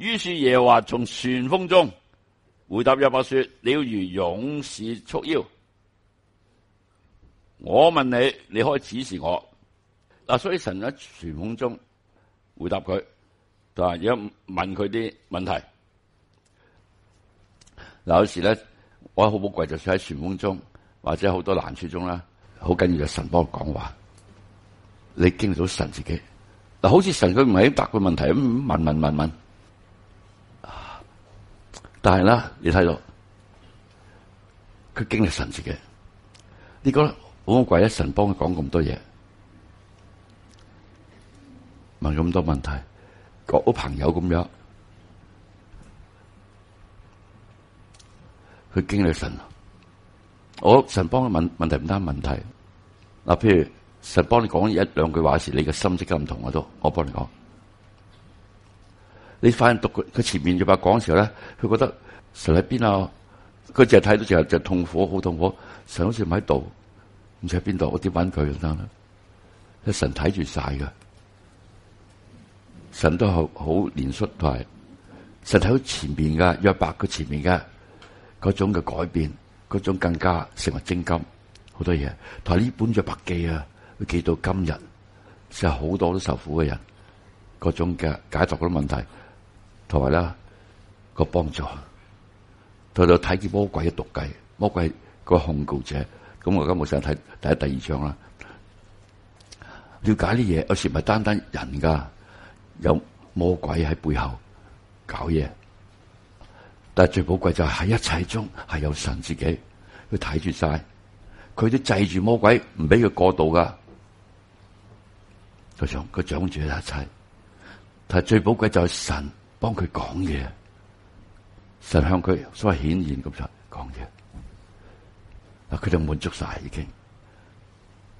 於是耶華從旋風中回答約伯說：你要如勇士束腰，我問你，你可以指示我。嗱、啊，所以神喺旋風中回答佢，但係而家問佢啲問題。嗱、啊，有時咧，我好寶貴，就算喺旋風中或者好多難處中啦，好緊要就神幫我講話。你經歷到神自己，嗱、啊，好似神佢唔係答佢問題，問問問問。問問，但係啦，你睇到佢經歷神嘅，你覺得好鬼神，幫佢講咁多嘢，問咁多問題，個朋友咁樣，佢經歷神。我神幫佢問問題唔單問題，嗱，譬如神幫你講一兩句話時，你嘅心即刻唔同我都，我幫你講。你反而讀佢佢前面約伯講嘅時候咧，佢覺得神喺邊啊？佢淨係睇到時候就痛苦，好痛苦。神好似唔喺度，唔知喺邊度？我點揾佢啊？得啦，神睇住晒嘅，神都係好連縮態。神睇到前面嘅約伯，佢前面嘅嗰種嘅改變，嗰種更加成為精金。好多嘢，但係呢本約伯記啊，記到今日，就好多都受苦嘅人，嗰種嘅解讀嗰啲問題。同埋啦，個幫助，喺度睇見魔鬼嘅毒計，魔鬼個控告者。咁我今日想睇睇第二章啦。了解啲嘢，有時唔係單單人噶，有魔鬼喺背後搞嘢。但係最寶貴就係喺一切中係有神自己，佢睇住晒，佢都制住魔鬼，唔俾佢過度噶。佢想，佢掌住一切，但係最寶貴就係神。幫佢講嘢，神向佢所謂顯現，咁就講嘢，啊佢就滿足晒已經。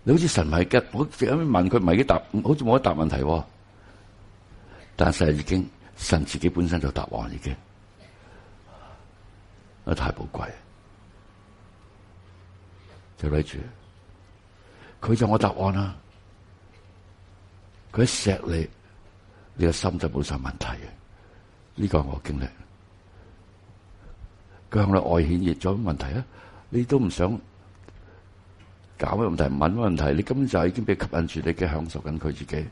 你好似神咪係吉，我問佢唔係啲答，好似冇得答問題。但係已經神自己本身就答案已經，啊太寶貴。就位住，佢就我答案啦。佢一錫你，你個心就冇晒問題嘅。呢個係我經歷，佢向嚟愛顯熱，再乜問題啊？你都唔想搞乜問題，唔問乜問題？你根本就係已經被吸引住，你嘅享受緊佢自己，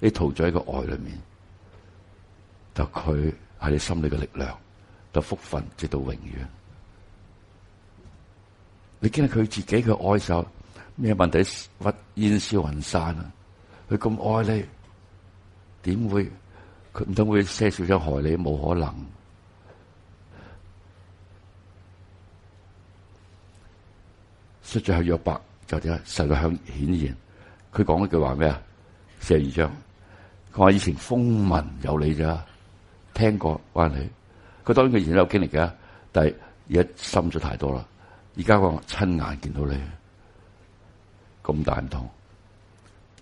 你陶醉喺個愛裏面。就佢係你心裏嘅力量，就福分直到永遠。你見到佢自己，嘅愛受咩問題屈煙消雲散啊？佢咁愛你。點會佢唔通會些少傷害你？冇可能。出咗去約伯就點啊？實在嘅響顯現，佢講嗰句話咩啊？四十二章，佢話以前風聞有你咋，聽過關你。佢當然佢以前有經歷嘅，但係而家深咗太多啦。而家我親眼見到你，咁大唔同。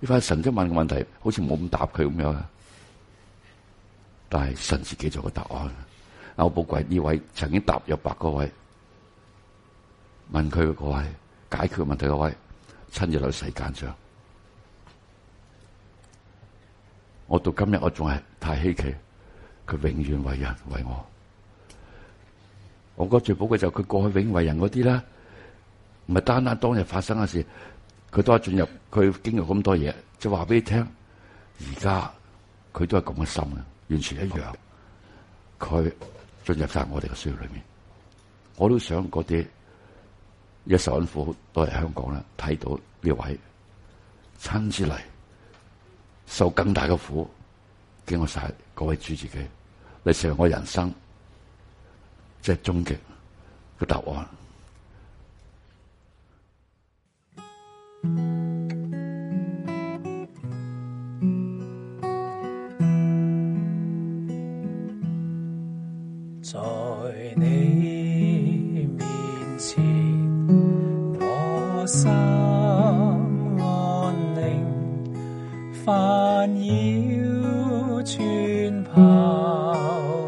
呢塊神即問嘅問題，好似冇咁答佢咁樣，但係神自己就有個答案。好寶貴呢位曾經答一百個位，問佢個位解決問題個位，親日。喺世間上，我到今日我仲係太稀奇，佢永遠爲人爲我。我覺得最寶貴就佢過去永爲人嗰啲啦，唔係單單當日發生嘅事。佢都係進入，佢經歷咁多嘢，就係話俾你聽。而家佢都係咁嘅心啊，完全一樣。佢、okay。進入晒我哋嘅需要裏面，我都想嗰啲一受恩苦都係香港啦，睇到呢位親自嚟，受咁大嘅苦，經過晒各位主子嘅，你成為我的人生即係、就是、終極嘅答案。在你面前，我心安寧，煩擾全拋。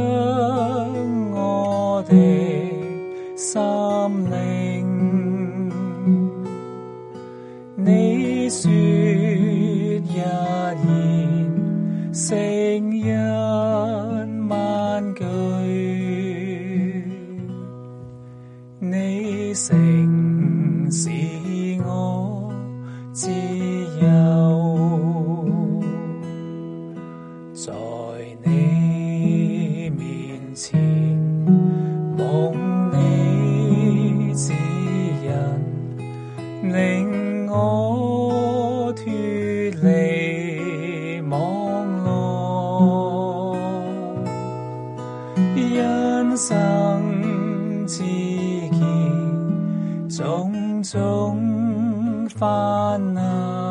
一萬句，你聲使我自由，在你面前。種種煩惱。